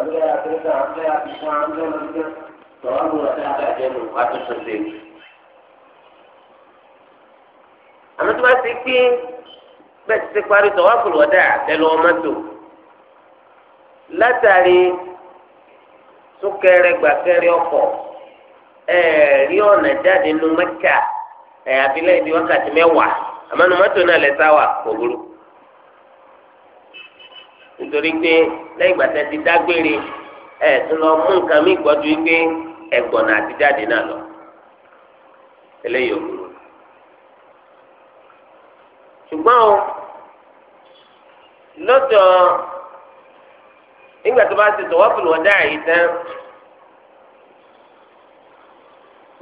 ọdún àtúntà àtúntà àtúntà àtúntà àtúntà ya mú ọtí àgbàjẹ́ mú àtúntò lé. tí wọ́n ti pé bẹ́ẹ̀ ti parí tọ́wọ́ kò dà lẹ́nu ọmọ látàrí súnkẹrẹ gbàkẹrẹ ọkọ̀ ẹ̀ẹ́rí ọ̀nà jáde nu mẹ́kà ìdí wákàtí mẹ́wàá àmọ́ nu mọ́tò náà lẹ́sà wà kò burú. nítorí pé lẹ́yìn ìgbà tẹ́ ti dágbére ẹ̀ tún lọ mú nǹkan mí gbọ́dọ̀ pé ẹ̀gbọ̀nà àti jáde náà lọ eléyìí ò burú ṣùgbọ́n o lọ́tọ̀ nígbà tó bá ti tọ̀wọ́ fún wọn dá yìí tán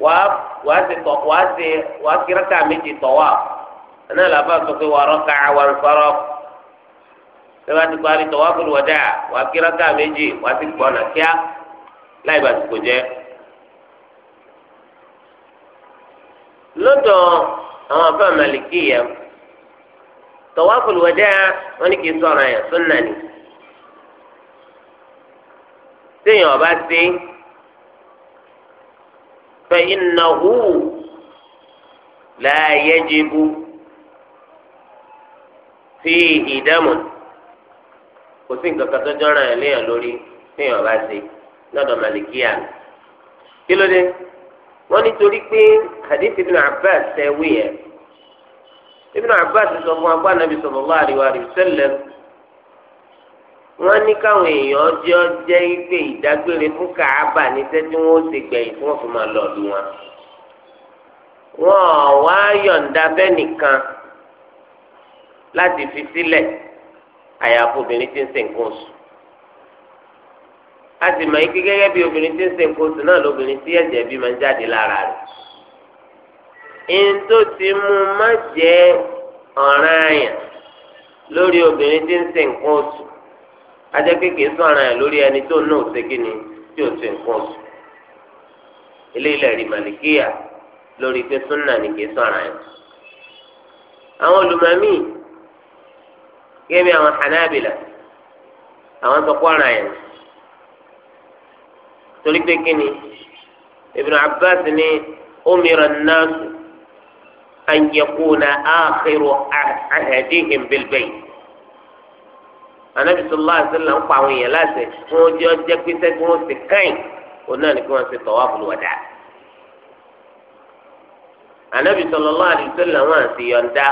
wàá wàá ti tọ̀ wàá ti wàá kíráka méjì tọ̀wọ́ àná làbá sọ pé wàá rọ́ka wàá ń sọ̀rọ̀ tẹ́lá ti parí tawaful wada wàá kí rákà méjì wàá ti pọ̀ ọ̀nà kíá láì bá àsìkò jẹ́. lọ́dọ̀ àwọn afẹ́ màlìkì yẹn tawaful wada wọn ni kì í sọ̀rọ̀ yẹn sunna ni. téèyàn ọba sí fẹ́ iná hù la yajibu fihi damun kò sí nǹkan kan tó jọ́ra ẹ̀ léèyàn lórí téèyàn bá ṣe lọ́dọ̀ màlìkíyà kí ló dé wọ́n nítorí pé hadith ibn abbas ṣe wí yẹn ibn abbas sọ fún agbá nàbí sallallahu alaihi wa sallam wọ́n ní káwọn èèyàn jẹ́ jẹ́ pé ìdágbére fún kàába ní sẹ́tí wọ́n ṣe gbẹ̀yìn tí wọ́n fi máa lọ ọ̀dù wọn. wọ́n wá yọ̀ǹda bẹ́nìkan láti fi sílẹ̀. Si àyàfó obìnrin tí ń ṣe nǹkan oṣù a sì mọ̀ ike gẹ́gẹ́ bí obìnrin tí ń ṣe nǹkan oṣù náà lóbìnrin tí ẹ̀jẹ̀ bí máa ń jáde lára rẹ̀ ń tó ti mú má jẹ́ ọ̀ràn àyàn lórí obìnrin tí ń ṣe nǹkan oṣù a jẹ́ pé kìí sọ̀ràn àyàn lórí ẹni tó náà ṣe kí ni tí ò ṣe nǹkan oṣù eléyìí lè rí màlìkíyà lórí pé súnà ni kìí sọ̀ràn àyàn àwọn olùmọ̀mí gẹ́gẹ́ bí àwọn hanabila àwọn sọ kó ara yẹn torí pé kí ni Ibn Abbas ni umira naasu an yakuna akhiru ahadihim bilbayt anabi sallallahu alaihi wasallam ń pa àwọn èèyàn láṣẹ wọn ò jẹ ọjẹ pípẹ kí wọn sì káyìn òun náà ni kí wọn sì tawaful wada anabi sallallahu alaihi wasallam àti yọ̀ǹda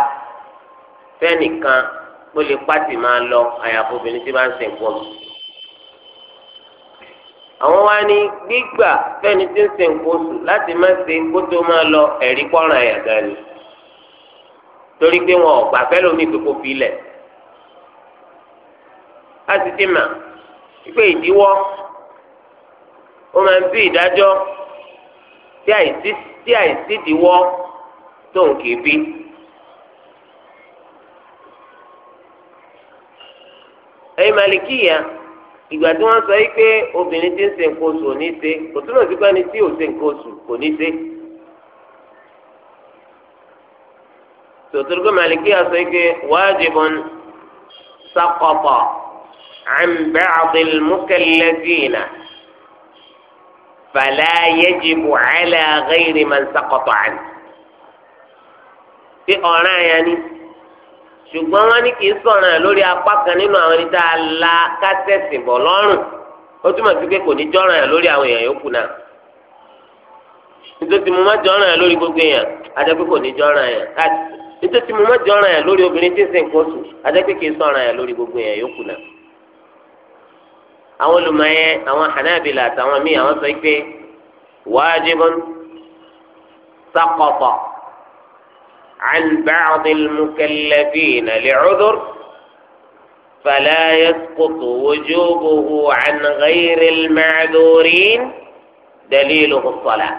fẹ́nìkan ó lè pàtì máa lọ àyàfó obìnrin tí máa ń sìn pọ̀ mi. àwọn wá ní gbígbà fẹ́ni tí ń sìn kóṣù láti má ṣe kó tó máa lọ ẹ̀rí kọ́ràn àyàgá ni torí pé wọn ò gbà fẹ́ lómi pé a ti ti mà pé ìdíwọ́ ó máa ń bí ìdájọ́ tí àìsídìíwọ́ tóun kì í ẹ̀yin malikiya ìgbà tí wọ́n sọ yìí pé obìnrin ti ń ṣe nǹkan oṣù ní ṣe kò túnbọ̀ sí pé ẹni tí ò ṣe nǹkan oṣù kò ní ṣe. tòtúrúkọ malikiya sọ yìí pé wájibun saqata an ba'dil mukallafina fala yajibu ala ghayri man saqata ọ̀ràn àyà ṣùgbọ́n wọn ní kì í sọ̀rọ̀ ẹ̀ lórí apá kan nínú àwọn ẹni tá a la kásẹ̀sì bọ̀ lọ́rùn ó túmọ̀ sí pé kò ní jọ́ràn ẹ̀ lórí àwọn èèyàn yòókù náà nítorí mo má ẹ̀ lórí gbogbo èèyàn ajẹ́ pé kò ní ẹ̀ nítorí mo má ẹ̀ lórí obìnrin tí gbogbo èèyàn yòókù náà àwọn Hanabila àtàwọn míì àwọn عن بعض المكلفين لعذر فلا يسقط وجوبه عن غير المعذورين دليله الصلاة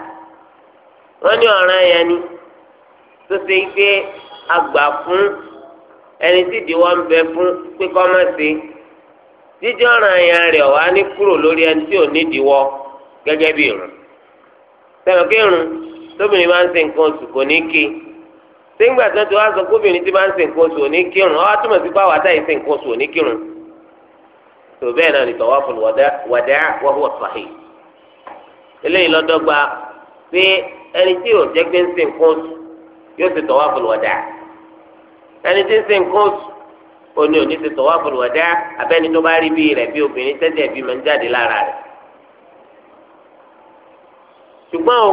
wọ́n ní ọ̀ràn yẹn ni tó ṣe pé àgbà fún ẹni tí ìdíwọ́ ń bẹ fún pé má ṣe jíjọ́ ọ̀ràn yẹn rẹ̀ wá ní kúrò lórí ẹni tí ò ní ìdíwọ́ gẹ́gẹ́ bí irun. sẹ́wọ̀n kí irun tóbi ni máa ń ṣe nǹkan oṣù kò ní kí sẹ́ńgbà tó ti wá sọ kóbìnrin tí máa ń sìn kóso ní kírun ọ́ àtúmọ̀ sí pàwọ́ àtàyè sìn kóso ní kírun tó bẹ́ẹ̀ náà ní tawaful wadaa wa huwa sahih eléyìí lọ́dọ́gba pé ẹni tí yóò jẹ́ pé ń sìn kóso yóò ti tawaful wadaa ẹni tí ń sìn kóso òní òní ti tawaful wadaa abẹ́ni tó bá rí bí rẹ̀ bí obìnrin tẹ́tẹ́ bí máa jáde lára rẹ̀ ṣùgbọ́n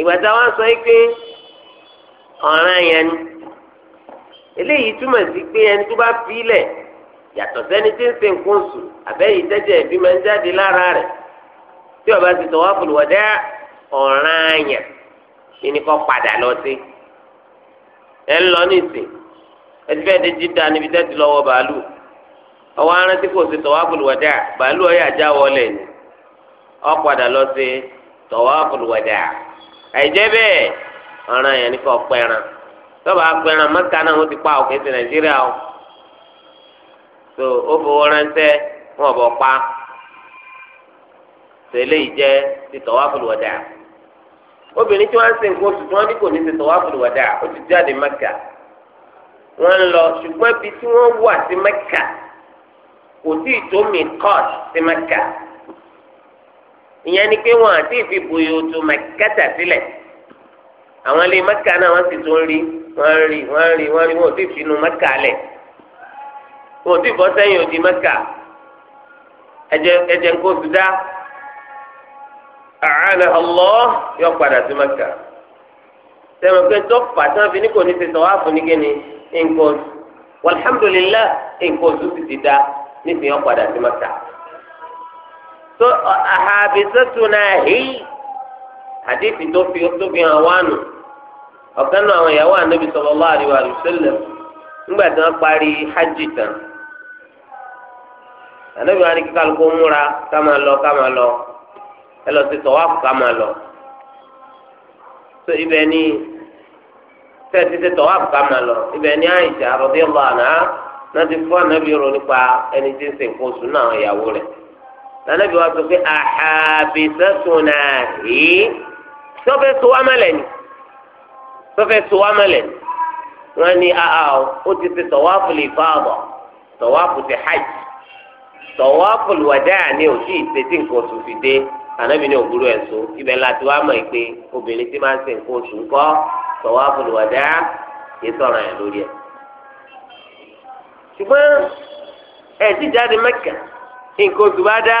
ìgbà táwọn sọ yìí pé ọ̀ràn yẹn ni eléyìí túmọ̀ sí pé ẹni tó bá fi lẹ̀ yàtọ̀ sẹ́ni tí ń ṣe nǹkan sùn àbẹ́yìí tẹ́jẹ̀ ẹ̀bí máa ń jáde lára rẹ̀ tí ó bá ti tawaful wada ọ̀ràn yẹn kíni kọ́ padà lọ sí ẹ ń lọ nísìn ẹ ti fẹ́ẹ́ di jíta níbi tẹ́tí lọ́wọ́ bàálù ọwọ́ arántí kò sí tawaful wada bàálù ọ̀yà já wọlé ni ọ padà lọ sí tawaful wada àìjẹ́ bẹ́ẹ̀ ọ̀ràn yẹn ní kò pẹ́ran tọ́ba pẹ́ran maka náà wọ́n ti pa òkè sí nàìjíríà o tó ó fowó wọn pa tẹ́lẹ̀ yìí jẹ́ ti tawaful obi obìnrin tí wọ́n ṣe nǹkan oṣù tí wọ́n ní kò ní ti ti lọ ibi tí wọ́n wà sí mẹ́kà kò tí ì tó mi sí ìyẹn ni pé àti tó Si àwọn ilé mẹ́kà náà wọ́n sì tún rí wọ́n rí wọ́n rí wọ́n rí wọ́n ò tí ì finú mẹ́kà lẹ̀ wọ́n ò tí ì bọ́ sẹ́yìn òdi mẹ́kà ẹ̀jẹ̀ ẹ̀jẹ̀ nǹkan oṣù dá àánà ọlọ́ yọ padà sí mẹ́kà sẹ́wọ̀n pé tó pàtó fi ní kò ní ti sọ wá fún ní kíni nǹkan oṣù walhamdulillah nǹkan oṣù sì ti dá nísìnyí ọ padà sí mẹ́kà. tó àhàbìsẹ́tùnà hìí àdéhìí tó fi tó fi hàn wá nù ọ̀kan náà àwọn ìyàwó ànábì sallallahu alaihi wasallam nígbà tí wọ́n parí hajj tán ànábì wọn ni kí kálukú múra ká máa lọ ká máa lọ ẹ lọ sí tọ́wáfù ká máa lọ so ibẹ̀ ni tẹ́tí sí tọ́wáfù ká máa lọ ibẹ̀ ni Àìṣà radiyallahu anha náà ti fún ànábì rò nípa ẹni tí ń sìn kó sùn náà ìyàwó rẹ̀ ànábì wọn sọ pé àhàbìsẹ́sùn náà yìí sọfẹ tó wá mẹlẹ ni sọfẹ tó wá mẹlẹ ni wọn ní aa o ó ti fi tọwáfù lè fa àbọ tọwáfù ti hajj tọwáfù wàdà ni o tí ì tètè nǹkan oṣù fi dé ànábi ní òwúrò ẹ̀ so ibẹ̀ láti wá mọ̀ pé obìnrin tí máa ń ṣe nǹkan oṣù ńkọ́ tọwáfù wàdà yìí sọ̀rọ̀ ẹ̀ lórí ẹ̀. ṣùgbọ́n ẹ̀ ti jáde Mẹ́kà nǹkan oṣù bá dá.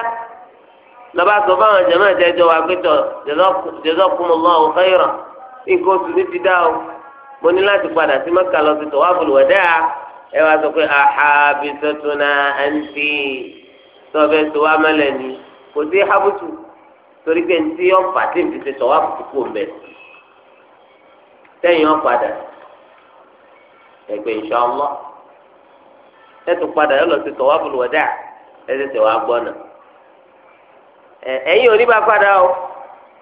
laba sọ fáwọn jẹ̀mọ́ ìjẹ́jọ́ wa pẹ́tọ̀ jazakumullahu khairan nǹkan oṣù ti dá o mo ní láti padà sí mẹ́ka lọ sí tawaful wadaa ẹ wá sọ pé ahabisatuna anti tọ́fẹ́ tó wá mẹ́lẹ̀ ni kò sí habutu torí pé ntí mbẹ ẹ ẹ wá ẹ̀yin ò ní bá padà o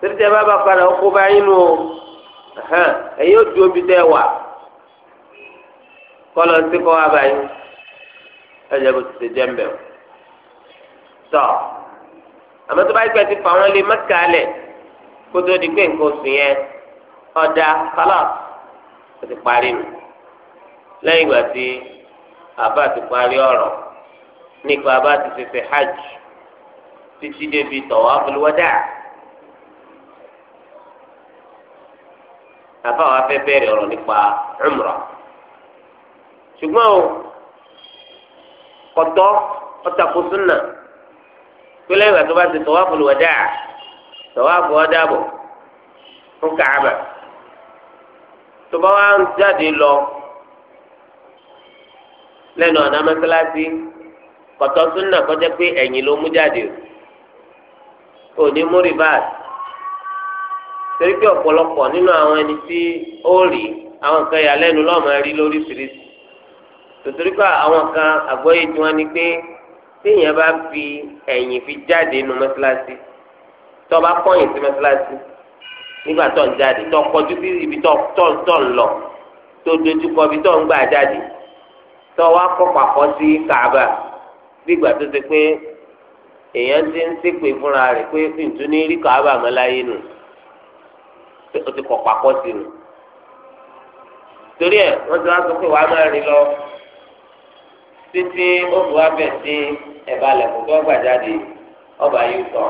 torí tẹ bá bá padà o kó bá yín o ẹ̀yin ò ju omi tẹ wà kọ́lọ̀ ń tí kọ́ wá báyìí ẹ̀jẹ̀ bó ti ṣe jẹ́ ń bẹ̀ o tọ́ àmọ́ tó bá yẹ pé ti fà wọ́n lé mẹ́ta lẹ̀ kó tó di pé nǹkan oṣù yẹn ọ̀dà kálọ̀ ó ti parí nù lẹ́yìn ìgbà tí àbá ti parí ọ̀rọ̀ nípa àbá ti ṣe ṣe hajj títí débi tawaful wadaa àbá wa fẹ́ bẹ̀rẹ̀ ọ̀rọ̀ nípa umrah ṣùgbọ́n o kọ̀tọ́ ọ̀tàkùn súnà pílẹ̀ ìgbà tó bá ti tawaful wadaa tawaful wadaa bọ̀ fún Káàbà tó bá wá ń jáde lọ lẹ́nu ọ̀nà mẹ́sálásí kọ̀tọ́ súnà kọjá pé ẹ̀yìn ló mú jáde o òní múri báàsì torí pé ọ̀pọ̀lọpọ̀ nínú àwọn ẹni tí ó rí àwọn kan yà lẹ́nu lọ́mọ rí lóríṣiríṣi tòtòrí pé àwọn kan àgbọ́yé tí wọ́n ní pé téèyàn bá fi ẹ̀yìn fi jáde nu mọ́ṣáláṣí tó bá kọ́yìn sí mọ́ṣáláṣí nígbà tó ń jáde tó kọjú sí ibi tó tó ń lọ tó dojú kọ ibi tó ń gbà jáde tó wá kọ́ pàkọ́ sí Kaaba bí ìgbà tó ṣe pé èèyàn ti ń ṣépè fúnra rẹ̀ pé ǹtún ní rí kàábà mọ́láyé nù ó ti kọ̀ pàkọ́ sí nù torí ẹ̀ wọ́n ti wá sọ pé wàá máa rìn lọ títí ó bu abẹ́ sí ẹ̀bá lẹ̀kùn tó gbà jáde ọba yìí tọ̀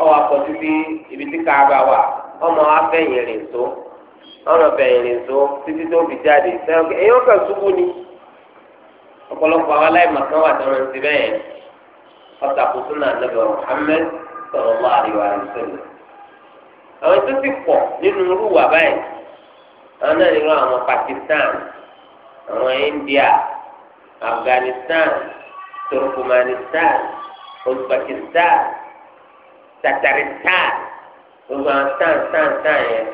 ọwọ́ akọ títí ibi tí kàábà wà ọmọ afẹ́yìn rìn tó ọ̀nà bẹ̀yìn rìn tó títí tó fi jáde sẹ́wọ́n kan ṣubú ni ọ̀pọ̀lọpọ̀ àwọn aláìmọ̀kan wà tó ń ti bẹ́yẹn ọ̀tàkùn súnà nàbẹ̀ Muhammad sallallahu alaihi wa sallam. àwọn tó ti pọ̀ nínú rúwà báyìí àwọn náà nínú àwọn Pakistan àwọn India Afghanistan Turkmenistan Uzbekistan Tataristan gbogbo àwọn tán tán tán yẹn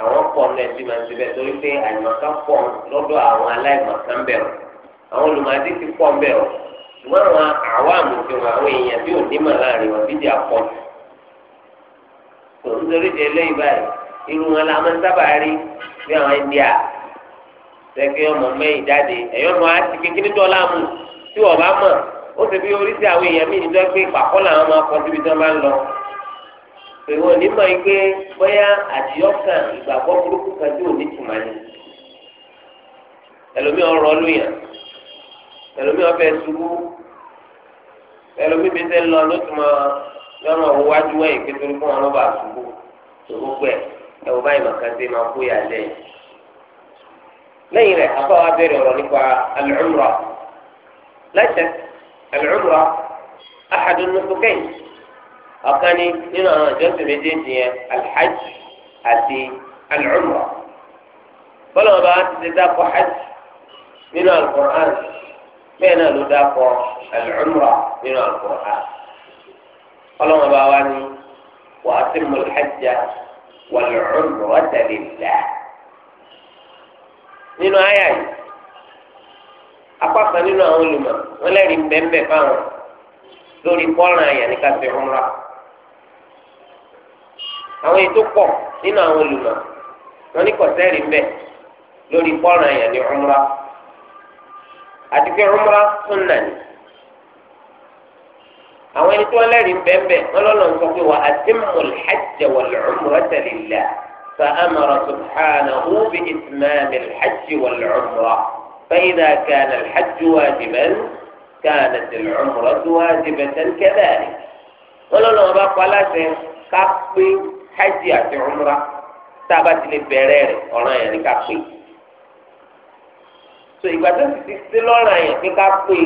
àwọn pọ̀ ní ẹtí máa ń ti bẹ́ẹ̀ torí pé àyùmọ̀ká pọ̀ lọ́dọ̀ àwọn aláìmọ̀ká ń bẹ̀rù àwọn olùmọ̀adé ti pọ̀ ń bẹ̀rù ṣùgbọ́n àwọn àwa àmùfihàn àwọn èèyàn bí onímọ̀ láàrin wọn bí di akọni tó ń torí di eléyìí báyìí irú wọn la máa ń sábà rí bí àwọn India sẹ́kẹ́ ọmọ mẹ́yìn jáde ẹ̀yọ́ mọ àti kékeré tó láàmú tí wọ́n bá mọ̀ ó ti fi oríṣi àwọn èèyàn míì níjọ́ pé pàkọ́ làwọn máa kọ síbi tí wọ́n bá ń lọ pèrò onímọ̀ yìí pé bóyá àdìyọ́kàn ìgbàgbọ́ burúkú kan tí ò ní tùmọ̀ ni ẹlòmíràn rọ ẹlòmí ọfẹ ṣubú ẹlòmí bíi sẹ ń lọ ló tún mọ yọmọ owó wájú wẹ̀yìn kékeré fún wọn ló bá ṣubú tó gbogbo ẹ ẹ wò báyìí màkà ṣe máa kó yà lẹ́yìn lẹ́yìn rẹ afọ wa bẹ̀rẹ̀ ọ̀rọ̀ nípa al-umra lẹsẹ al-umra ahadun nusukain ọ̀kan ni nínú àwọn ìjọsìn méjèèjì yẹn al àti al-umra bọlọ ti ti dákọ hajj nínú al bẹ́ẹ̀ náà ló dákọ̀ al-umra nínú al-Qur'an ọlọ́run bá wá ní wa atimmu al-hajja wal-umrata lillah nínú àyà yìí apá kan nínú àwọn olùmọ̀ wọn lẹ́rìí bẹ́ẹ̀ báwọn lórí kọ́ran àyà ní ká ṣe àwọn ètò pọ̀ nínú àwọn olùmọ̀ wọn ní kọ̀sẹ́rì ń bẹ̀ lórí kọ́ran àyà ní umra. àti pé umra sunna ni àwọn ẹni tí wọn lẹ́rìí bẹ́ẹ̀bẹ́ẹ̀ wọn lọ́nà sọ pé wà á ti mú alḥajjẹ wà lọ́mùrẹ́ tẹ̀lélá fàámàrà subhánà wúbi ìsìmáàmì alḥajjẹ wà lọ́mùrẹ́ fẹ́yìdà kàná alḥajjẹ wájibẹ́n kàná alḥumrẹ́ wájibẹ́tẹ́n kẹ́dàrí wọn lọ́nà wọn bá kọ́ aláṣẹ ká pé hajj àti umra tá a bá ti lè bẹ̀rẹ̀ rẹ̀ ọ̀ràn yẹn ni ká pé. so ìgbà tó sì ti sí lọ́ràn yẹn pé ká pé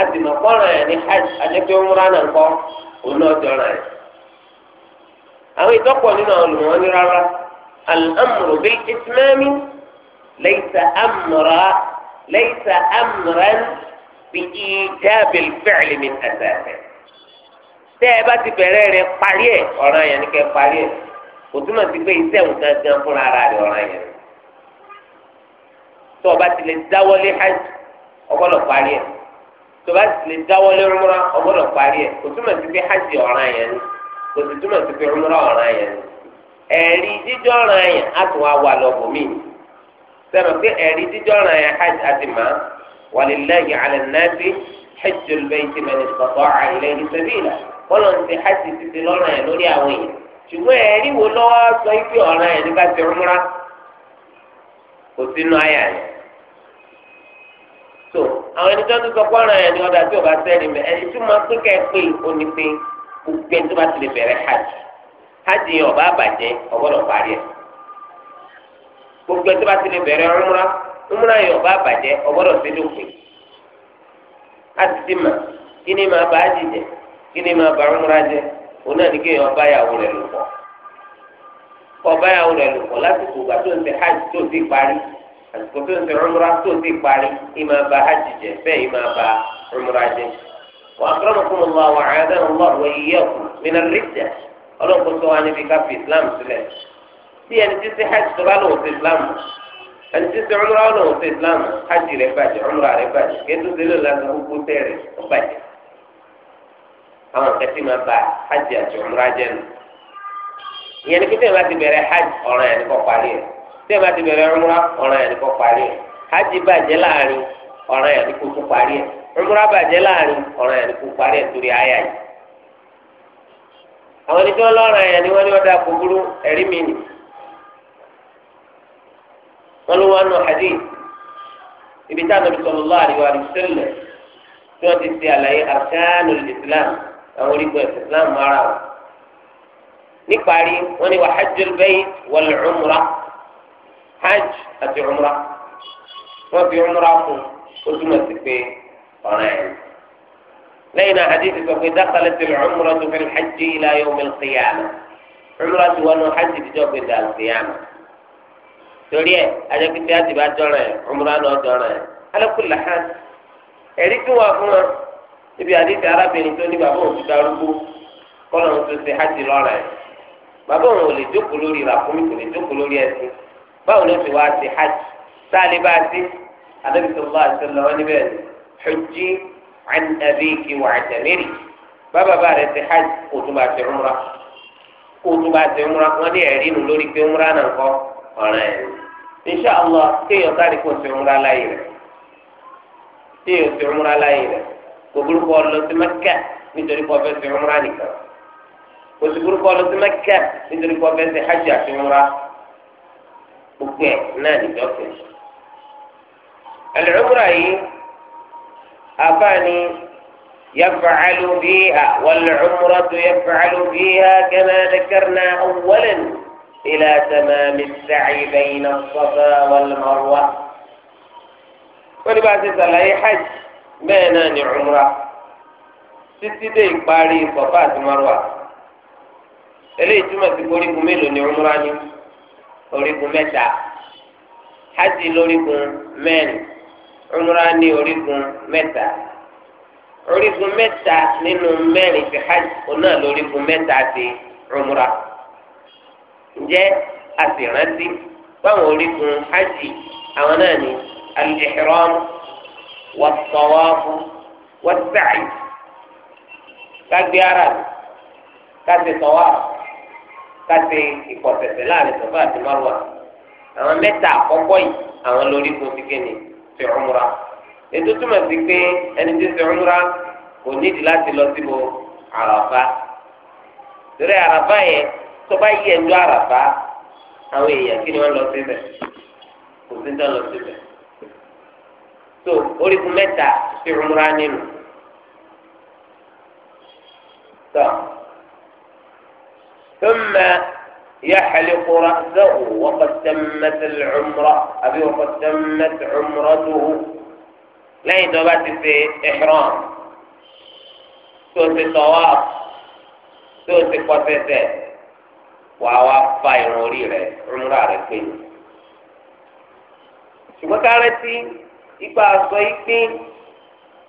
a sì mọ̀ kọ́ràn yẹn ní hajj àjẹpẹ́ umra náà kọ́ òun náà jọràn yẹn. àwọn ìtọ́pọ̀ nínú àwọn olùmọ̀ ní rárá al-amru bil-itmami laysa amra laysa amran bi-ijab al-fi'l tẹ́ ẹ bá ti bẹ̀rẹ̀ rẹ̀ parí ẹ̀ ọ̀ràn yẹn ni kẹ́ parí ẹ̀ kò túmọ̀ sí pé iṣẹ́ tó o bá ti lè dáwọ́lé hajj o gbọ́dọ̀ parí ẹ̀ tó o bá ti lè dáwọ́lé umra o gbọ́dọ̀ parí ẹ̀ kò túmọ̀ sí pé hajj ọ̀ràn yẹn ni kò sì túmọ̀ sí pé umra ọ̀ràn yẹn ni ẹ̀rí jíjọ́ ọ̀ràn yẹn á tún wá wà lọ́bùn míì sẹ́nu pé ẹ̀rí jíjọ́ ọ̀ràn yẹn hajj àti mà walillahi ala nnasi hajjul bayti man hajj títí lọ́ràn yẹn lórí àwọn èèyàn ṣùgbọ́n kò sínú àyà yẹn. so àwọn ẹni tó ń sọ kọ́ra yẹn ni ọ̀dà tí o bá sẹ́ni mẹ́ ẹni tó máa pín ká ẹ gbogbo ẹni tó bá ti hajj hajj yẹn ọba àbàjẹ́ ọgbọ́dọ̀ parí ẹ̀ gbogbo ẹni tó bá ti lè bẹ̀rẹ̀ umra umra yẹn ọba àbàjẹ́ ọgbọ́dọ̀ sí mà kí ni máa hajj jẹ kí ni máa bá umra jẹ òun náà ní kéèyàn ọba yàwó rẹ̀ lò pọ̀ ọba àsìkò tó ń ṣe umra tó ti parí ìmọ̀ bá hajj jẹ bẹ́ẹ̀ ìmọ̀ bá umra jẹ. wà á kọ́ ọmọ fún ọmọ àwọn àyàdá ọmọ àwọn ìyẹ́ ọ̀kú mìíràn rìjà ọlọ́kùn tó wà níbi káfí islam sílẹ̀. bí ẹni tí ṣe hajj tó bá lò wọ́n ṣe islam ẹni tí ṣe umra lò wọ́n ṣe islam hajj rẹ̀ bàjẹ́ umra rẹ̀ bàjẹ́ kéétu sílẹ̀ lásán gbogbo tẹ́rẹ̀ ó tí ẹ bá ti bẹ̀rẹ̀ umra ọ̀ràn yẹn ni kò parí ẹ̀ hajj bàjẹ́ láàrin ọ̀ràn yẹn ni kò tún parí ẹ̀ umra bàjẹ́ láàrin ọ̀ràn yẹn ni kò parí ẹ̀ torí àyà yìí. àwọn ẹni tí wọ́n lọ́ràn yẹn ni wọ́n ní ọ̀dà kúkúrú ẹ̀rí mi nì. wọ́n ló wá nù hadith ibi tí Ànábì sallallahu alaihi wa sallam tí wọ́n ti ṣe àlàyé arkanul islam àwọn wọn. níparí wọ́n ní wa hajjul hajj àti umra wọ́n fi umra fún ó túmọ̀ sí pé ọ̀ràn ẹ̀ lẹ́yìn náà hadithi sọ pé dákàlẹ̀ ti umra tó fi hajj ila yawm al-qiyama umra ti wọnú hajj dídọ́ pé dà al-qiyama torí ẹ̀ ajakiti àti bá dọ̀rọ̀ ẹ̀ umra náà dọ̀rọ̀ ẹ̀ alákùlà hàn ẹ̀rí tí wọ́n fún wọn ibi àdìsí arábìnrin tó ní bàbá òun ti darúgbó kọ́nà òun tó ṣe hajj lọ́rọ̀ bàbá òun ò lè jókòó lórí ràkúnmí kò lè jókòó lórí ẹṣin báwo ló ti wá ti hajj sáàlì bá ti anabi sallallahu alaihi wasallam wọn níbẹ̀ hujji an abiki wa atamiri bàbá bá rẹ ti hajj kò tún bá ti múra kò tún bá ti múra wọn ní ẹ̀rí nu lórí pé múra náà kọ ọrẹ ẹ̀ insha allah kéèyàn sáré kò tún múra láyé rẹ kéèyàn tún múra láyé rẹ kò burúkú ọlọ sí mẹkẹ nítorí kò fẹ́ sí rúnra nìkan kò sí burúkú ọlọ sí mẹkẹ nítorí kò fẹ́ sí hajj àti múra. gbogbo ẹ̀ náà nìjọ́fẹ̀. al-umra yìí àbáni yaf'alu biha wal-umratu yaf'alu biha kama dhakarna awwalan ila tamami as-sa'i bayna as-safa wal-marwa. wọ́n ní bá a ti sàlàyé hajj bẹ́ẹ̀ náà ni umra títí dé ìparí Safa àti Marwa eléyìí túmọ̀ sí koríko mélòó ni umra ni. orígun mẹ́ta hajj lórígun mẹ́rin umra ní orígun mẹ́ta orígun mẹ́ta nínú mẹ́rin ti hajj ọ̀nà lórígun mẹ́ta ti umra ǹjẹ́ a sì rántí báwọn orígun hajj àwọn náà ni al-ihram wat-tawaf ara ká ṣe káṣe ìkọ̀sẹ̀sẹ̀ láàrin sọ̀fà àti márùwà àwọn mẹ́ta àkọ́kọ́ yìí àwọn lórí kò sí kéne fi umra ètò túmọ̀ sí pé ẹni tó fi umra kò nídìí láti lọ síbo àràfá torí àràfá yẹn tó bá yí ẹjọ́ àràfá àwọn èèyàn kí ni wọ́n lọ síbẹ̀ kò sí tó lọ síbẹ̀ tó orígun mẹ́ta fi umra nínú tó. So, ثم يحلق رأسه وقد تمت العمرة أبي وقد تمت عمرته لا يدوبات في إحرام توتي طواف توتي قفتة وعوافة يموريه عمرة الفين شو بكارتي إبا أصويكي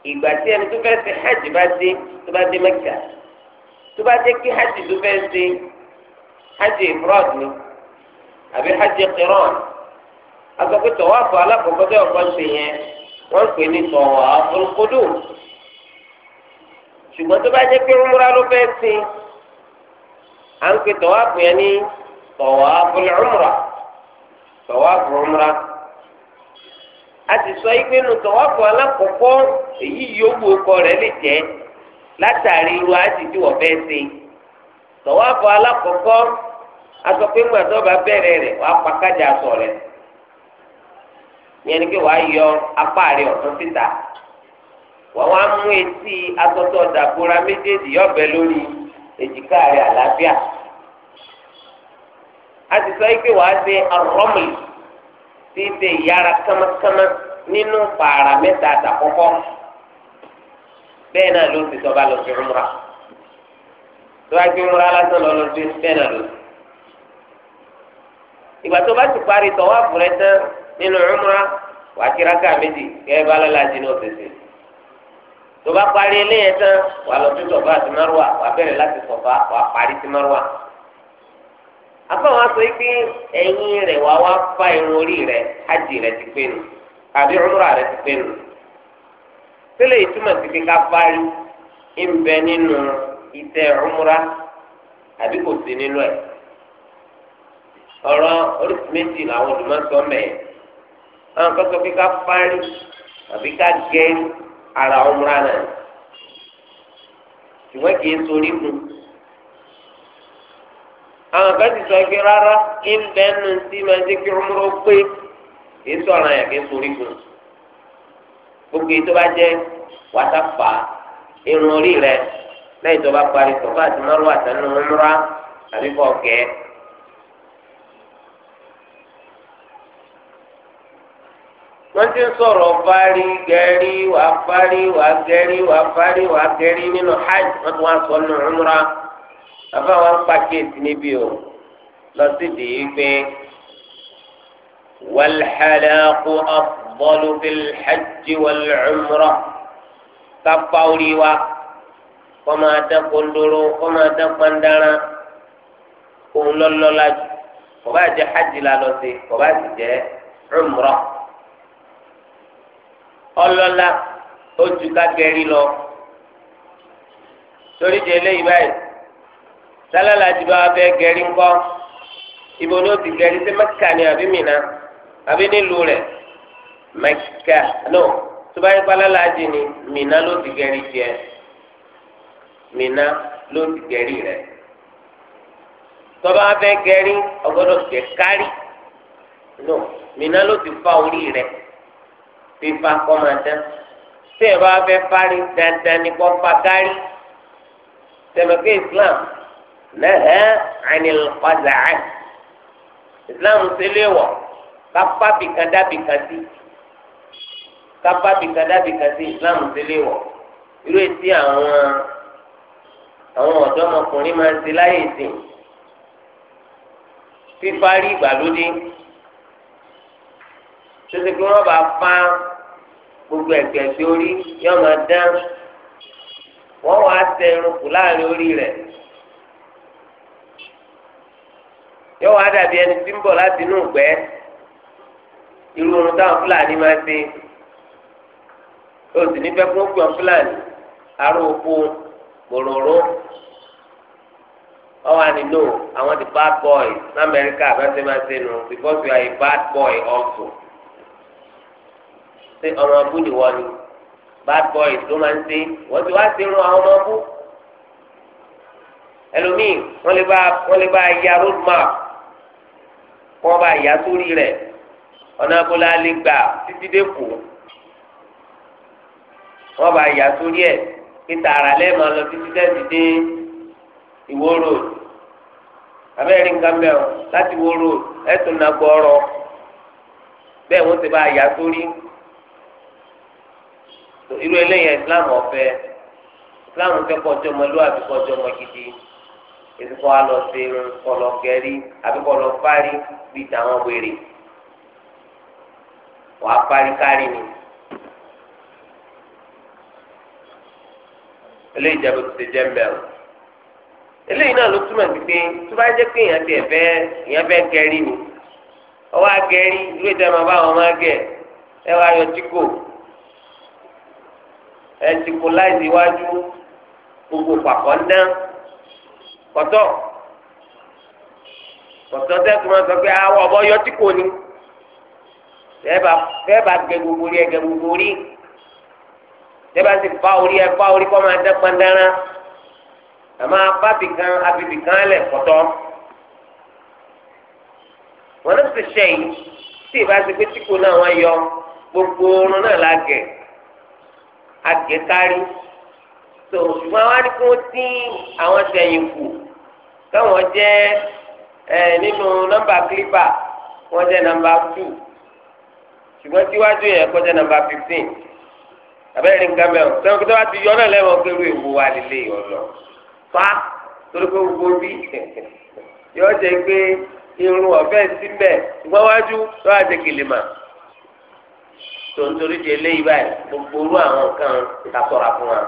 إبا تيام تفاتي حج باتي تباتي مكة تباتي كي حج تفاتي hajj ifrad ni àbí hajj qiran agbẹ́pẹ́ tọ́wáfù alákọ̀ọ́kọ́ tẹ́ ọ̀kan ṣe yẹn wọ́n pè ní tawaful qudum ṣùgbọ́n tó bá jẹ́ pé múra ló fẹ́ sin à ń pè yẹn ní a ti sọ yìí pé nu tọ́wáfù alákọ̀ọ́kọ́ èyí yòówù ọkọ rẹ̀ lè jẹ́ látàrí irú àti tí aṣọ pé ńgbà tó bá bẹ̀rẹ̀ rẹ̀ wàá pa kájà aṣọ rẹ̀ yẹn ni pé wàá yọ apá rẹ̀ ọ̀tún síta wàá wá mú etí aṣọ tó dàbora méjèèjì yọ̀bẹ lórí èjìká rẹ̀ àlàáfíà a ti sọ pé wàá ṣe arọ́mìlì tí ń ṣe ìyára kánmọ́kánmọ́ nínú pààrà mẹ́ta àtàkọ́kọ́ bẹ́ẹ̀ náà ló ti sọ bá lọ sí umra tó wá gbé umra lásán lọ lọ sí bẹ́ẹ̀ náà ló ti. ìgbà tó bá ti parí tọ́wọ́ àbúrẹ́ tán nínú umra wà á kíra ká méjì kẹ́ẹ́ bá lọ́la jí náà tó bá parí eléyẹn tán wà lọ tó sọ̀fà àti márùwà wà á bẹ̀rẹ̀ láti sọ̀fà wà á parí sí márùwà. afọwọ́n sọ pé ẹ̀yìn rẹ̀ wà wá fa irun orí rẹ̀ hajj rẹ̀ ti pé nu àbí umra rẹ̀ ti pé nu. sílẹ̀ ìtumọ̀ sí pé ká parí ń ọ̀rọ̀ oríṣi méjì làwọn olùmọ̀sọ mẹ́ẹ̀ àwọn kan sọ pé ká fárí àbí ká gé ara ọmọra náà ṣùgbọ́n kì í sórí mu àwọn kan ti sọ pé rárá kí n bẹ́ẹ̀ nù sí máa jẹ́ kí ọmọrọ pé kì í sọ̀rọ̀ àyàn kì í sórí mu gbogbo èyí bá jẹ́ wàtá fà irun orí rẹ lẹ́yìn tó bá parí sọ̀fà àti mọ́rùwà tẹnu àbí kọ̀ọ̀kẹ́. wọ́n ti ń sọ̀rọ̀ fárí gẹ̀rí wà fárí wà gẹ̀rí wà fárí wà gẹ̀rí nínú hajj wọ́n ti wá sọ nù umra bàbá wa ń pàkíyèsí níbí o lọ sí dìí pé wàlhálàkù afdalufil hajj wal umra kápá orí wa kọ́ máa dán kondoro kọ́ máa dán pandara kò ń lọ́lọ́lá kò bá jẹ́ hajj la lọ sí kò bá sì jẹ́ umra ọlọ́lá ó ju kágẹ́rì lọ torí di eléyìí báyìí sálálà ti bá abẹ́ gẹ̀rí ńkọ́ ibo ni ó ti gẹ̀rí sí mẹ́kà ni àbí mìíràn àbí nílùú rẹ̀ mẹ́kà no tó bá yẹ pálálà jì ni mìíràn ló ti gẹ̀rí tiẹ̀ mìíràn ló ti gẹ̀rí rẹ̀ tọ́ba abẹ́ gẹ̀rí ọgbọ́dọ̀ gẹ̀ kárí no mìíràn ló ti fa orí rẹ̀ fífa kọ́ máa dán tí ẹ bá fẹ́ parí dandan ní kọ́ fa kárí tẹ̀mẹ̀kẹ́ islam lẹ́hẹ́ ànil qaza'a islam ṣe léwọ̀ kápá bìkan dábìkan sí kápá bìkan dábìkan islam ṣe léwọ̀ irú etí àwọn àwọn ọ̀dọ́mọkùnrin máa ń ṣe láyé ìsìn fífarí ìgbàlódé sọsẹ kí wọn bá fa gbogbo ẹgbẹ sí orí yóò máa dán wọn wá tẹ irun láàrin orí rẹ̀ yóò wá dàbí ẹni tí ń bọ̀ láti inú ìgbẹ́ irú irun táwọn fúlàní máa ṣe yóò sì ní fẹ́ fún òkú fúlàní aró oko gbòòrò ọwọ́ ànílò àwọn the bad boys ní Amẹ́ríkà àbẹ́sẹ̀ máa ṣe nù because you are a bad boy also pé ọ̀rọ̀ ọbú ni wọ́n ni bad boys ló máa ń ṣe wọ́n ti wá sí irun àwọn ọmọ ọbú ẹlòmíì wọ́n lè bá wọ́n lè bá ya road map wọ́n bá ya sórí rẹ̀ ọ̀nà abúlé lè gbà títí dé kù wọ́n bá ya sórí ẹ̀ kí tààrà lẹ́ẹ̀ma lọ títí dẹ́sí dé ìwó road abẹ́rẹ́ nǹkan bẹ́ẹ̀ láti ìwó road ẹ̀tún nàgbọ́ ọ̀rọ̀ bẹ́ẹ̀ wọ́n ti bá ya sórí tó irú eléyàn islam ọ̀fẹ́ islam fẹ́ kọjọ́ ọmọ ìlú àbí kọjọ́ ọmọ gidi èsì kọ́ alọ ṣe irun kọlọ gẹ̀rí àbí kọlọ fárí bíi tàwọn wèrè wàá fárí kárí ni. eléyìí jẹ́ bó ti ṣe jẹ́ mbẹ́ o eléyìí náà ló túmọ̀ sí pé tó bá jẹ́ pé èèyàn tiẹ̀ fẹ́ èèyàn fẹ́ gẹ̀rí ni ọwọ́ agẹ̀rí irú ìjọba máa bá wọn máa gẹ̀ ẹ wá yọ jíkò ẹtìkúláìsì iwájú gbogbo pàkọ́ ń dán kọ́tọ́ kọ́tọ́ tẹ́sùn sọ pé àwọn ah, ọ̀bọ yọ tí kò ní fẹ́ẹ́ bá gbogbo rí ẹ gbogbo rí tẹ́ẹ́ sì fa orí ẹ fa orí kọ́ máa dán pandára àmọ́ abábì kan abibì kan lẹ̀ kọ́tọ́ wọn náà ti ṣẹ̀yìn tí ìbá ti pé tí kò náà wọ́n yọ gbogbo oorun náà la gẹ̀ẹ́ àgékárí tó ṣùgbọ́n wá ní kí wọ́n dín àwọn sẹ̀yìn kù káwọn jẹ́ ẹ nínú nọ́mbà kílípà wọ́n jẹ́ nọ́mbà tù ṣùgbọ́n tíwájú yẹn kọ́ jẹ́ nọ́mbà fifteen abẹ́rẹ́ nǹkan mẹ́wọ̀n sẹ́wọ́n kí wọ́n ti yọ náà lẹ́wọ̀n pẹ̀lú èwo wa lélẹ̀ yọ lọ fa torí pé gbogbo bí yọ jẹ́ pé irun ọ̀fẹ́ síbẹ̀ ṣùgbọ́n wájú lọ́wọ́ àti kìlìmọ̀ tó ń torí di eléyìí báyìí gbogbo orú àwọn nǹkan ká ṣọ́ra fún wa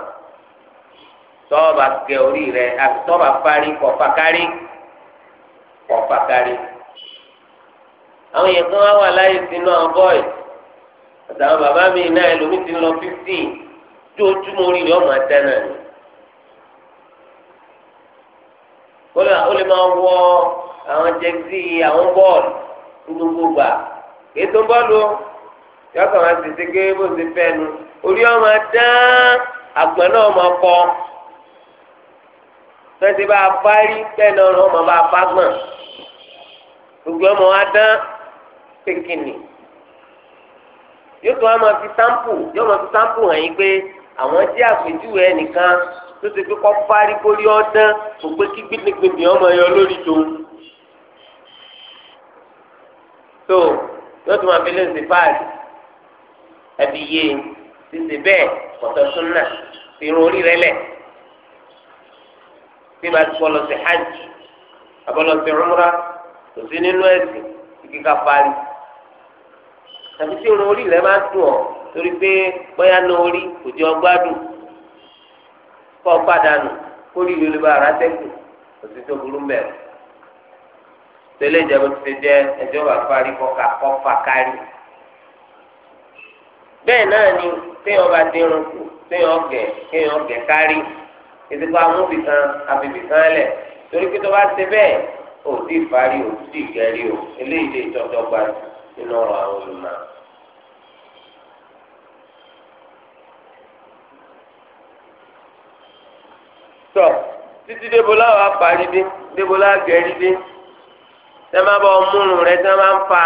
tọ́ọ̀bà gé orí rẹ àti tọ́ọ̀bà parí kọ̀ọ̀fà kárí kọ̀ọ̀fà kárí. àwọn èèyàn kan wá wà láyé sínú àwọn bọ́ọ̀ì àtàwọn bàbá mi náà ẹlòmí ti lọ fifteen tó ojúmọ́ orí rẹ ọmọ ẹtẹ náà ni. ó lè máa wọ àwọn jẹ́sí àwọn bọ́ọ̀lù gbogbo gbà ètò bọ́ọ̀lù yọkọ máa ti ṣe gé bó ṣe fẹ́ nu orí ọmọ dán àgbọn náà mọ kọ tẹ́tí bá a bá rí tẹ́nà ọ̀rọ̀ ọmọ bá a bá gbọ̀n gbogbo ọmọ wa dán pékinì yóò tó wá máa fi sáǹpù yóò máa fi sáǹpù hàn yín pé àwọn jẹ́ àpèjúwe ẹnìkan tó ti fi kọ́ parí kórí ọ̀dán kò pé kí gbìngbìngbìn ọmọ yọ lórí tòun. tó yóò tó máa fi lè ṣe fáàlì ẹbí yé e. títí bẹ́ẹ̀ kọ̀tọ̀ súnà irun orí rẹ lẹ̀ bí ba ti bọ́lọ̀ sí hajj abọ́lọ̀ sí umra kò sí nínú ẹ̀sìn kíkà parí tàbí tí irun orí rẹ máa dùn ọ́ torí pé bóyá ní orí kò jẹ́ ọgbádùn kọ́ pàdánù kó rí ìlú bá ara tẹ́kù kò sí tó burú mẹ́rin tẹ́lẹ̀ ìjẹ́bù ti ṣe jẹ́ ẹjọ́ bá parí kọ́ fà kárí bẹ́ẹ̀ náà ni téèyàn bá dérun kù téèyàn gẹ̀ téèyàn gẹ̀ kárí ìdìbò amúbi kan àbìbì kan lẹ̀ torí pé tó bá ṣe bẹ́ẹ̀ ò tí ì parí ò tí ì gẹ̀rí o eléyìí lè tọ́jọ́ gba nínú ọ̀rọ̀ àwọn olùmọ̀. tọ́ títí débọlá wa parí dé débọlá gẹ̀rí dé tẹ́ máa bá ọmúrun rẹ tẹ́ ń fa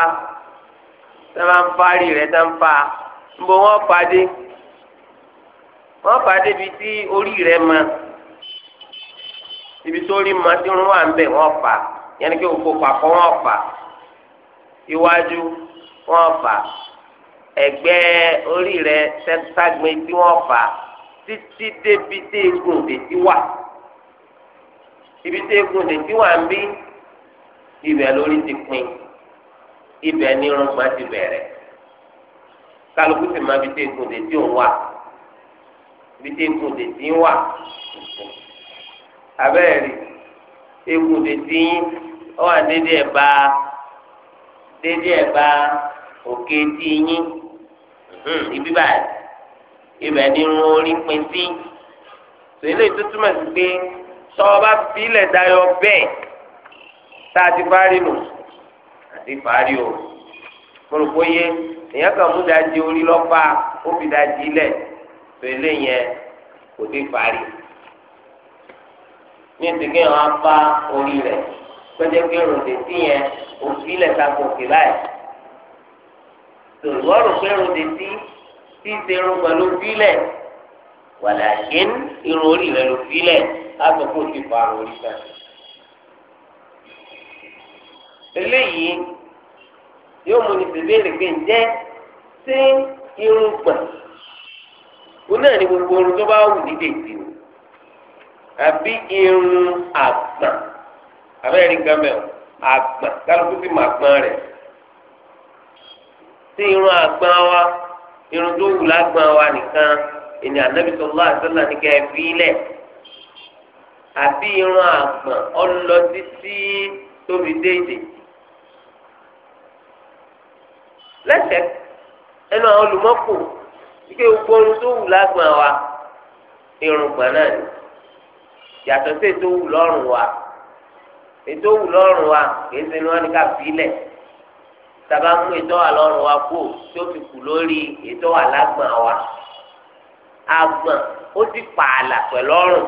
tẹ́ máa ń parí rẹ tẹ́ ń fa nbọ wọn pàdé wọn pàdé bi tí orí rẹ ma ibi tó rí ma tí wọn wà ń bẹ wọn fà yẹnni pé òkò pàkọ wọn fà iwájú wọn fà ẹ̀gbẹ́ orí rẹ sẹgbẹ tí wọn fà títí débi tí egun dè ti wà ibi tí egun dè ti wà ń bí ibẹ̀ lórí ti pin ibẹ̀ ní irun gbà ti bẹ̀rẹ̀ kálukú sì máa fi tẹ nkùn dé tí òun wà fi tẹ nkùn dé tí ń wà abẹ́rẹ́ ekùn dé tí ó wà dédé ẹ̀ bá dédé ẹ̀ bá òkè tí yín ibi báyìí ibẹ̀ ni irun orí pin sí tò ilé tuntun mọ̀ sí pé tọ́wọ́ bá filẹ̀ dayọ bẹ́ẹ̀ tá a ti parí nù àti parí o mo rò pé yé èèyàn kan mú dajì orí lọ́fà ó fi dajì lẹ̀ pẹ̀lú yẹn kò dé parí ní ìsìnkú yẹn wọn bá orí rẹ̀ pẹ́jẹ́ pé ròdèsí yẹn òfin lẹ̀ ta gòkè báyìí tòlúwọ́ rò pé ròdèsí tí ń ṣe irun pẹ̀lú fílẹ̀ wàlàkín irun orí rẹ̀ ló fílẹ̀ láti kó o ti fa orí kan. eléyìí yóò mú ní bèbèrè pé ǹjẹ́ ṣé irun gbọ̀n òun náà ni gbogbo irun tó bá wù ní dèjì o àbí irun àgbọ̀n abẹ́rẹ́ nǹkan mẹ́wọ̀ àgbọ̀n kálukú sì mọ àgbọ̀n rẹ̀ ṣé irun àgbọ̀n wa irun tó wù lágbọ̀n wa nìkan ìní ànábì sallallahu alaihi wasallam ní kẹ́ lẹ̀ àbí irun àgbọ̀n ọlọ́títí tóbi déédéé. lẹ́sẹ̀ ẹnu àwọn olùmọ́kù ike gbogbo ohun tó wù lágbọ̀n wa irùngbọ̀n náà ni yàtọ̀ sí ètò wù lọ́rùn wa ètò wù lọ́rùn wa kìí ṣe ni wọ́n ní ká bílẹ̀ tàbá mú ètò wà lọ́rùn wa kú tí ó fi kù lórí ètò wà lágbọ̀n wa àgbọ̀n ó ti pààlà pẹ̀lú ọrùn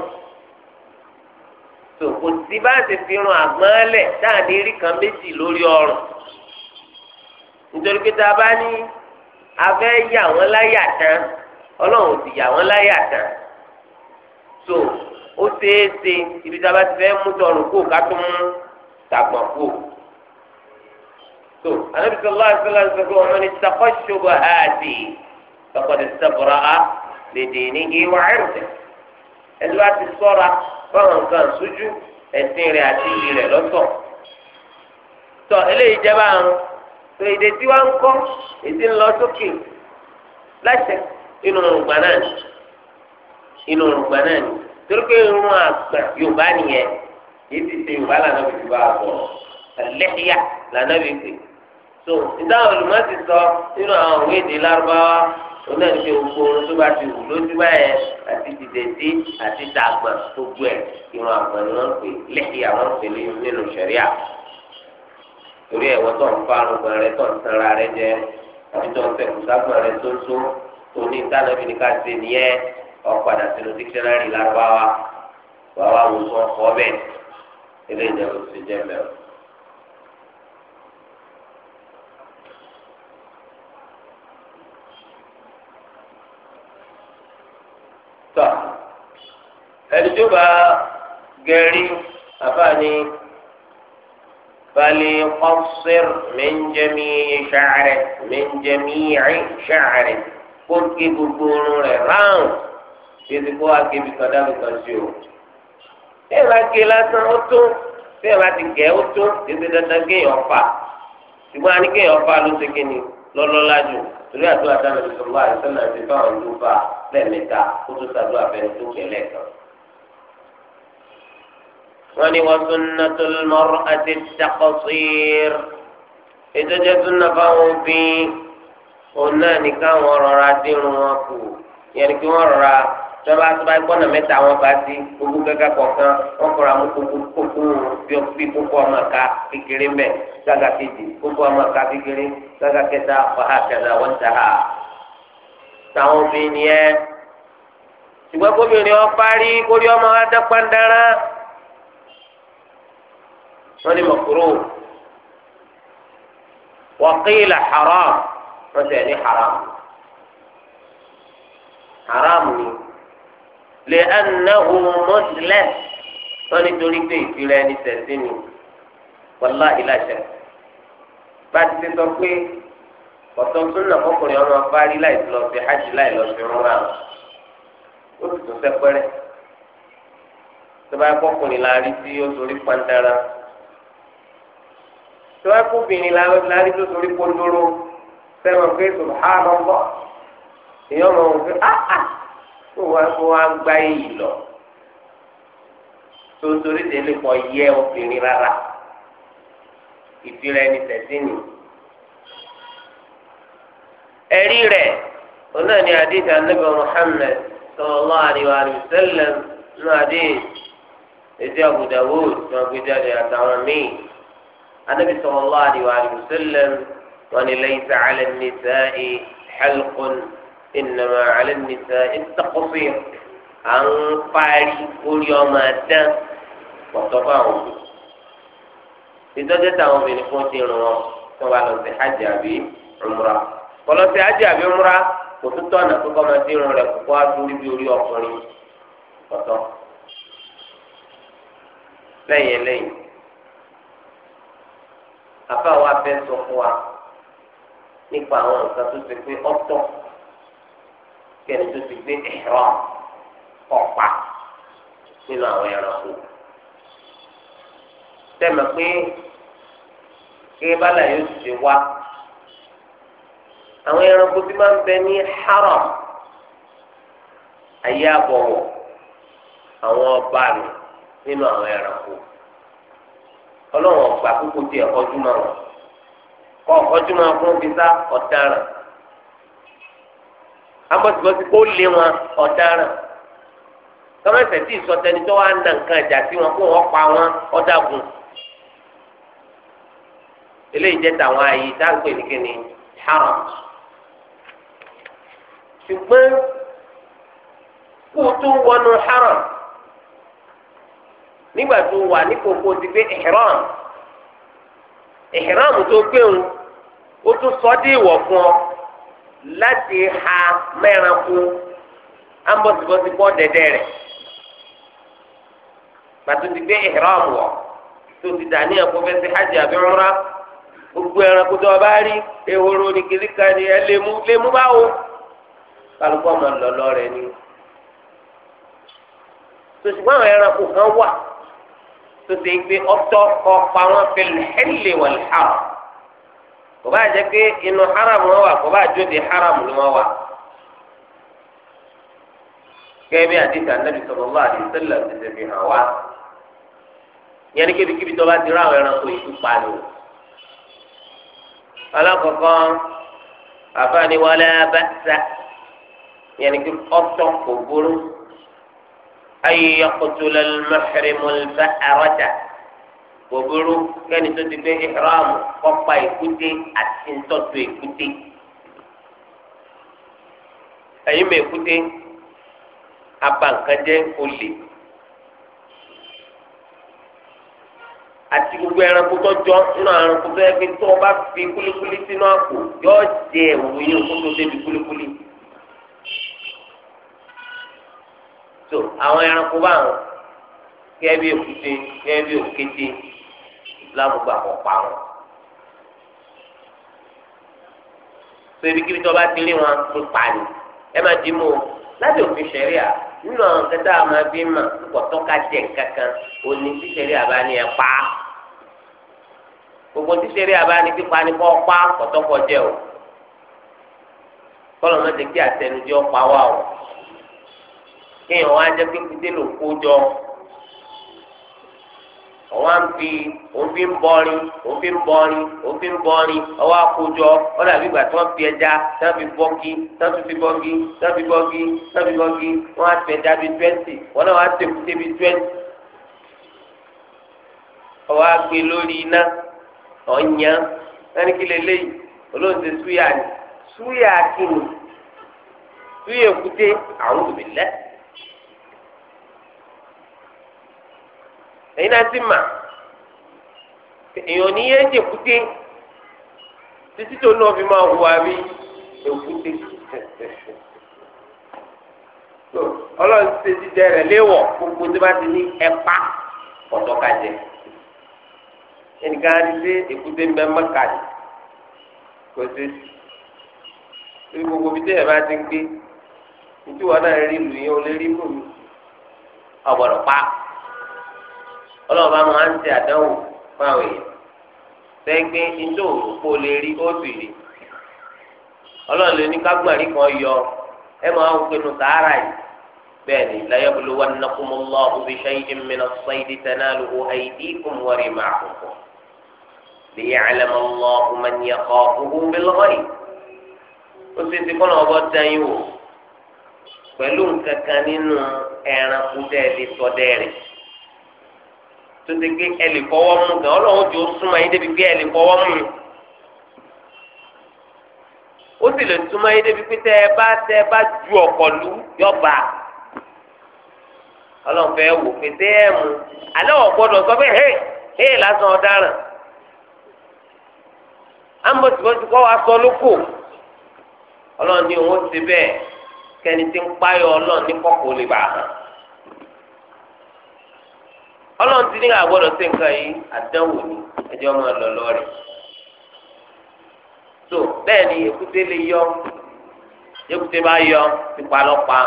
tò kò sí bá ti fi irun àgbọ̀n lẹ̀ dáàdé rí kan méjì lórí ọrùn nítorí pé tá a bá ní afẹ́ yà wọ́n láyà tán ọlọ́run ti yà wọ́n láyà tán so ó ṣeéṣe ibi tá a bá ti fẹ́ mú tọrùn kó ká tó mú tàgbọ̀n kó so anabi sallallahu alaihi wasallam sọ ọmọ ní takọ́ṣubọ̀ àti tọkọ̀dé sábọ̀rọ̀ á lè dè ní ìwà ẹ̀rùtẹ̀ ẹni wá ti sọ́ra fáwọn nǹkan sójú ẹ̀sìn rẹ̀ àti ìrẹ̀ lọ́tọ̀ tọ eléyìí jẹ́ báwọn tó èdè tí wọ́n ń kọ́ èdè ń lọ sókè láṣẹ inú òrùngbà náà ni inú òrùngbà náà ni torí pé irun àgbà yorùbá nìyẹn yìí ti ṣe yorùbá lànà fi fi bá a sọ ẹlẹ́yà lànà fi pè so ìdáhùn olùmọ̀ ti sọ nínú àwọn òwe èdè lárúbáwá oní ẹ̀ṣẹ̀ gbogbo ohun tó bá ti wù lójú báyẹn àti dìdẹ̀dí àti dàgbà gbogbo ẹ̀ irun àgbà ni wọ́n pè lẹ́yà wọ́n pè nínú sẹ̀ríà torí ẹ̀wọ́ tó ń farùngbọ̀n rẹ tó ń sanra rẹ jẹ àti tó ń sẹ̀kù ságbọ̀n rẹ tótó tó ní tánàbí ni ká ṣe nìyẹn ọ̀padà sínú dictionary lárúbáwá bàbá wo sọ ọkọ bẹ́ẹ̀ ilé ìjẹun ti jẹ mẹ́rin. tọ́ ẹni tó bá gẹ̀rí àbáni. فليقصر من جميع شعره من جميع شعره كوكي بقولون راو بيزي كو اكي بكدا بكسيو تيما كي لاسان اوتو تيما تيكي اوتو يوفا تيما ني يوفا لو سكيني lọ́lọ́lájú torí àdúrà dáná bisọ̀rọ̀ àìsàn náà ti fáwọn ìlú bá lẹ́ẹ̀mẹ́ta ó tún ṣàdúrà wọ́n ní wọ́n sunnatul mar'ati at-taqsir ètò jẹ́ sunna fáwọn obìnrin òun náà ní káwọn rọra dírun wọn kù yẹn ni kí wọ́n rọra tọ́ba tó bá gbọ́nà mẹ́ta wọn bá sí gbogbo gẹ́gẹ́ kọ̀ọ̀kan wọ́n kọ́ra mú kókó kókó bí kókó ọmọ ká kékeré mbẹ́ sága kejì kókó ọmọ ká kékeré sága kẹta wàhá kẹta wọ́n ta ha. táwọn obìnrin yẹn ṣùgbọ́n gómìnà ọ wọ́n ní makruh wa qila haram wọ́n sì ní haram haram ni lè anahu mọ́sílẹ̀ wọ́n nítorí pé ìfira ẹni tẹ̀sí ni wàláhì láṣẹ bá ti ti sọ pé ọ̀tọ̀ súnà ọkùnrin ọmọ afárí láì lọ sí hajj láì lọ sí rúnra ó sì tún sẹ́pẹ́rẹ́ tó bá kọ́kùnrin la rí tí ó sorí pàǹdára tọ́wọ́ kóbìnrin lárí tó torí polówó sẹ́wọ̀n pé subhanahu wa èèyàn mọ̀ wọn pé ah kó wá kó wá gbá èyí lọ tó torí délé kọ yẹ obìnrin rárá ìfira ẹni tẹ̀sí ni. ẹ̀rí rẹ̀ ọ̀nà ni àdéhùn anábẹ́ Muhammad sallallahu alaihi wa sallam ní àdéhùn ètò Abu Dawud tí wọ́n gbé jáde النبي صلى الله عليه وآله وسلم وأن ليس على النساء حلق إنما على النساء التقصير أن فاري كل يوم أتى وتفاهم إذا جت أو من قوتي نور سواء لو تحج أبي عمره ولو تحج أبي عمره كنت أنا كنت ما تيرون لك وأقول بيوري أقولي فتو àbá wa fẹ́ sọ fún wa nípa àwọn nǹkan tó ti pé ọ̀tọ̀ kẹ́ni tó ti gbé ẹ̀rọ ọ̀pá nínú àwọn ẹranko tẹ́mẹ̀ pé kí bala yóò ti ṣe wá àwọn ẹranko tí máa ń bẹ ní haram ayé àbọ̀wọ̀ àwọn ọba rẹ̀ nínú àwọn ẹranko. ọlọ́run ọ̀gbà kókó tiẹ̀ ọjọ́ máa kọ́ ọjọ́ fún ọ̀daràn kó lé wọn ọ̀daràn tọ́mẹ̀sẹ̀ tí ìsọtẹni tó wà nà nǹkan ìjà sí wọn kó wọ́n pa wọn ọ̀dàgùn eléyìí jẹ́ tàwọn ààyè nìkíni ṣùgbọ́n kó o wọnú nígbà tó wà ní kókó ti gbé ihram ihram tó gbé ń ó tún sọ dé ìwọ̀ fún ọ láti ha mẹ́ranko ambọ̀sibọ́sí bọ́ dẹ́dẹ́ rẹ̀ pàtó ti gbé ihram wọ̀ tó ti dà ní ẹ̀kọ́ fẹ́ sí hajj àbí umrah gbogbo ẹranko tó o rí ehoro ní kìlíkà ni ẹ lè mú báwo kálukọ́ ọmọ lọ́lọ́ rẹ ni tòṣùgbọ́n àwọn ẹranko kan wà tó ṣe gbé ọtọ kọ pa wọn fil hilli wal haram kò bá jẹ pé inú haram wọn wà kò bá jóde haram ni wọn wà. gẹ́gẹ́ bí àdìsí anábì sallallahu alaihi wasallam ti ṣe fi hàn wá yẹn ní kíbikíbi tó bá ti rá àwọn ẹranko pa ni o. alákọ̀ọ́kọ́ àfáàní wala ba'sa yẹn ní kí ọtọ kò أن يقتل المحرم الفأرة gbogbo kẹni tó ti gbé ihram kọpa èkúté àti ntọ́tò èkúté ẹ̀yin mọ̀ èkúté abankanjẹ́ olè àti gbogbo ẹranko tó jọ nínú ẹranko tó yẹ kí tó o bá fi kulikuli sínú àpò yóò jẹ ìwòye kó tó débi kulikuli. so àwọn ẹranko báwọn kẹ́ bí òkúté kẹ́ bí òkété ìsìlámù gbà wọ́n pa wọn. so ibi kíbi tí wọ́n bá ti rí wọn ń pa ni ẹ máa dì í mú o láti òfin ṣẹ̀ríà nínú àwọn kẹta àmọ́ bí mà kò tọ́ka jẹ kankan òní tí ṣẹ̀ríà bá ní ẹ pa gbogbo tí ṣẹ̀ríà bá ní pípa ni kò pa kò tọ́kọ o kọ́lọ́ mọ́tẹ́kí àtẹnudí ọ̀pá wa o kéèyàn wá jẹ́ pé kúté ló kó jọ ọwọ́ ń fi òfin bọ́rin òfin bọ́rin òfin bọ́rin ọwọ́ àkójọ ọ̀dà bígbà tí wọ́n fi ẹja tí wọ́n fi bọ́gí tí fi bọ́gí tí fi bọ́gí tí fi bọ́gí wọ́n á ti ẹja bíi twenty wọ́n náà wá ti bíi twenty ọwọ́ àgbè lórí iná ọ̀nyán ẹni kí lè léyìí olóńtẹ súyà ni súyà kí ni súyà èkúté àwọn òbí lẹ́ẹ̀. ẹ̀yin náà ti mà èèyàn ní yé jèkúté títí tó náà fi máa hùwà bí èkúté ọlọ́run ti jíjẹ rẹ̀ léwọ̀ gbogbo tó bá ti ní ẹ̀pá ọ̀dọ́kajẹ ẹnìkan á ti dé èkúté ń bẹ mọ́ka yìí kò sí ibi gbogbo bíi tẹ́yẹ̀ bá ti ń gbé ìtúwọ́ náà rí lu yẹn ó lé rí mú mi ọ̀gbọ̀dọ̀ pa á ọlọ́run bá máa ń ṣe àdánwò fún àwọn èèyàn sẹ́gbẹ́ iṣẹ́ òkú lè rí oṣù rí ọlọ́run lè ní kágbọ̀nrí kan yọ ẹ máa ń pinnu sàárà yìí bẹ́ẹ̀ ni layabluwannakumullahu bishay'in minas saydi tanaluhu aydikum wa rimahukum liya'lamallahu man yakhafuhu bilghayb ó sì ti kọ́nà ọgbọ́n dán wò pẹ̀lú nǹkan kan nínú ẹranko dẹ́ẹ̀lì sọdẹ́rìn tó ti gbé ẹlẹ fọwọ́ mú gan ọlọ́run jò súnmọ́ yín débi gbé ẹlẹ fọwọ́ mú ó sì lè súnmọ́ yín débi pé tẹ ẹ bá tẹ ẹ bá ju ọ̀pọ̀ lu yọba ọlọ́run fẹ́ wò pé tẹ ẹ mú alẹ́ wọ̀ gbọ́dọ̀ sọ pé hey hey lásán ọ̀daràn ambosibosi kọ́ wa sọ lóko ọlọ́run ní òun ti bẹ́ẹ̀ kẹ́ni tí ń páyọ̀ ọlọ́run ní kọ́kọ́ lè ọlọ́run ti ní àgbọ̀dọ̀ sí nǹkan yìí àdánwò ni ẹjọ́ máa lọ lọ́ọ̀rẹ́ so bẹ́ẹ̀ ni èkúté lè yọ èkúté bá yọ tipalọ́pa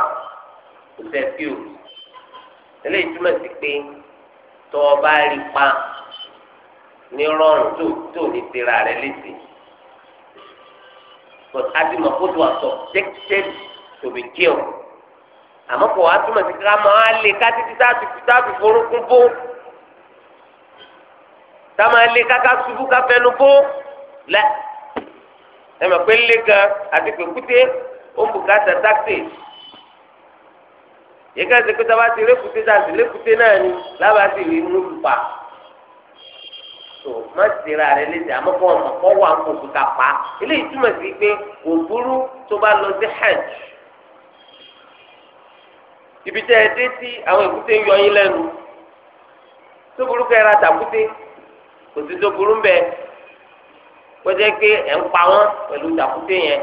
kò sẹ́ sí o eléyìí túmọ̀ sí pé tọ́ ọ bá rí pa ní rọrùn tó tó ní tera rẹ létí but adimọ̀ kó tó àtọ̀ dictated to be killed àmọ́ kò wá túmọ̀ sí ká máa lé ká títí táàbì táàbì forúkún bó ká máa lé ká ká ṣubú ká fẹnu bó lẹ ẹ mọ̀ pé lé gan àti pèkúté ó ń bùkátà táktì yìí ká ṣe pé tá a bá ti rékúté tá a sì rékúté náà ni lábàá sì rí inú pa tó má sèrè àrẹ léde àmọ́ kọ́ ọmọ kọ́ wà ń kó òkúta pa eléyìí túmọ̀ sí pé òbúrú tó bá lọ sí hajj ibi tẹ́ ẹ dé sí àwọn èkúté ń yọ yín lẹ́nu tó burú kẹ́ ẹ ra tàkúté kò sí tó burú ń bẹ kọjá pé ẹ̀ ń pa wọ́n pẹ̀lú tàkúté yẹn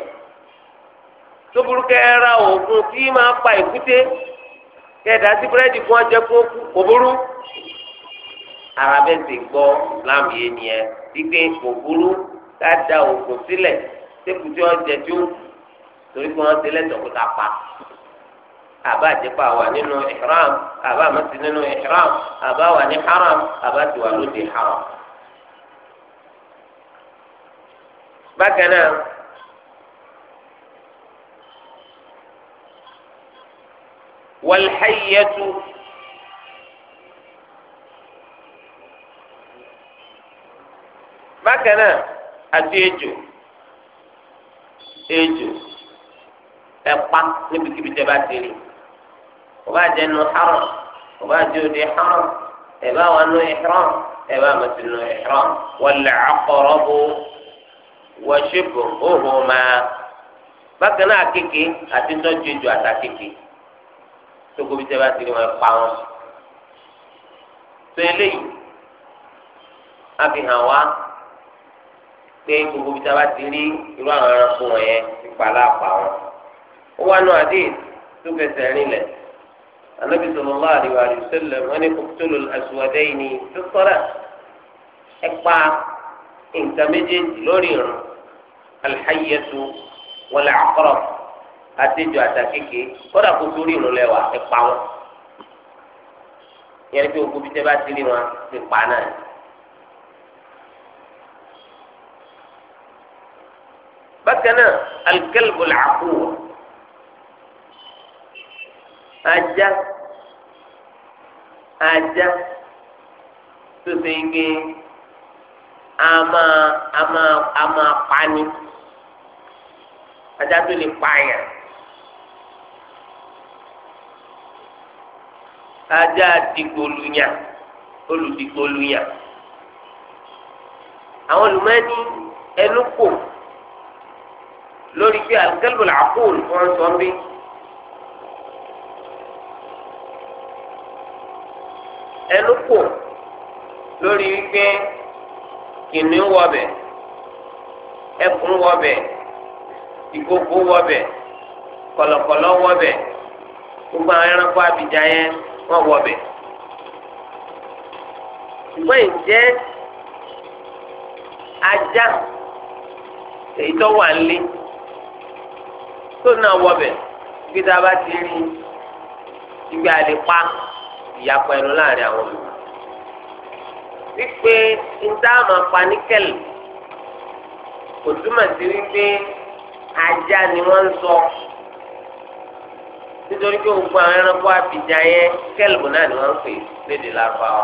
tó burú kẹ́ ẹ ra oògùn tí máa pa èkúté kẹ́ ẹ dá sí búrẹ́dì fún ọjọ́ kó kú kò burú ara bẹ́ẹ̀ ti gbọ́ Islam yé ni wípé kò burú ká da oògùn sílẹ̀ sékùtì ọjẹ tí torí pé wọ́n ti lẹ́tọ̀ọ́ kó ta pa àbá àjẹpà wà nínú ihram àbá àmọ́sí nínú ihram àbá wà ní haram àbá ti wà lóde haram. bákan náà wàlhàyẹ́tù bákan náà àti ejò ejò ẹ̀pá níbikíbi tẹ́ bá ti rí i kò bá jẹ́ nu haram kò bá jẹ́ òde haram ẹ̀ bá wà nu ihram ẹ̀ bá mọ̀ sí nu ihram wal aqrabu wa shibhuhuma bákan náà kéke àti tọ́jú ju àtà kéke tókò bí sẹ́wà ti rí wọn pa wọn. tó eléyìí á fi hàn wá pé gbogbo bí sẹ́wà ti irú àwọn ẹranko wọ̀nyẹn ti pa láàpá wọn. ó wá nù àdéhìí tó fẹsẹ̀ rinlẹ̀ anabi sallallahu alayhi wa sallam wọ́n ní kòtòlù aswadayni fi salat ẹ̀pà nǹkan méjèèjì lórí irun alhayyatu wal aqrab àtẹjọ àtàkéke kódà kó sórí irun lẹ́wà ẹ̀pà wọn yẹn ní pé ogun bíi tẹ́ bá ti rí wọn ti pa náà. bákan náà alkalbu làkúwò ajá ajá tó ṣe ń gbé ama ama ama pani ajá tó lè pààyàn ajá dìgbòlùyàn olùdìgbòlùyàn àwọn olùmọ́ni ẹnu kò lórí pé àlùkẹ́lù làákùn fún ọ̀sán bíi. ẹnu kò lórí wípé kìnìún wọbẹ̀ ẹkùn wọbẹ̀ ìkókó wọbẹ̀ kọ̀lọ̀kọ̀lọ̀ wọbẹ̀ gbogbo àwọn ẹranko abidjan yẹn wọn wọbẹ̀ ṣùgbọ́n ìjẹ́ ajá èyí tó wà nílé tó náà wọbẹ̀ gbígbá bá ti rí ìgbà lè pa ìyapa ẹnu láàrin àwọn ọmọ wípé ntáàmù apanikẹ́lì kò túmọ̀ sí wípé ajá ni wọ́n ń sọ nítorí pé gbogbo àwọn ẹranko abidjan yẹn kẹ́lì náà ni wọ́n ń pè lédè lárúbáwá.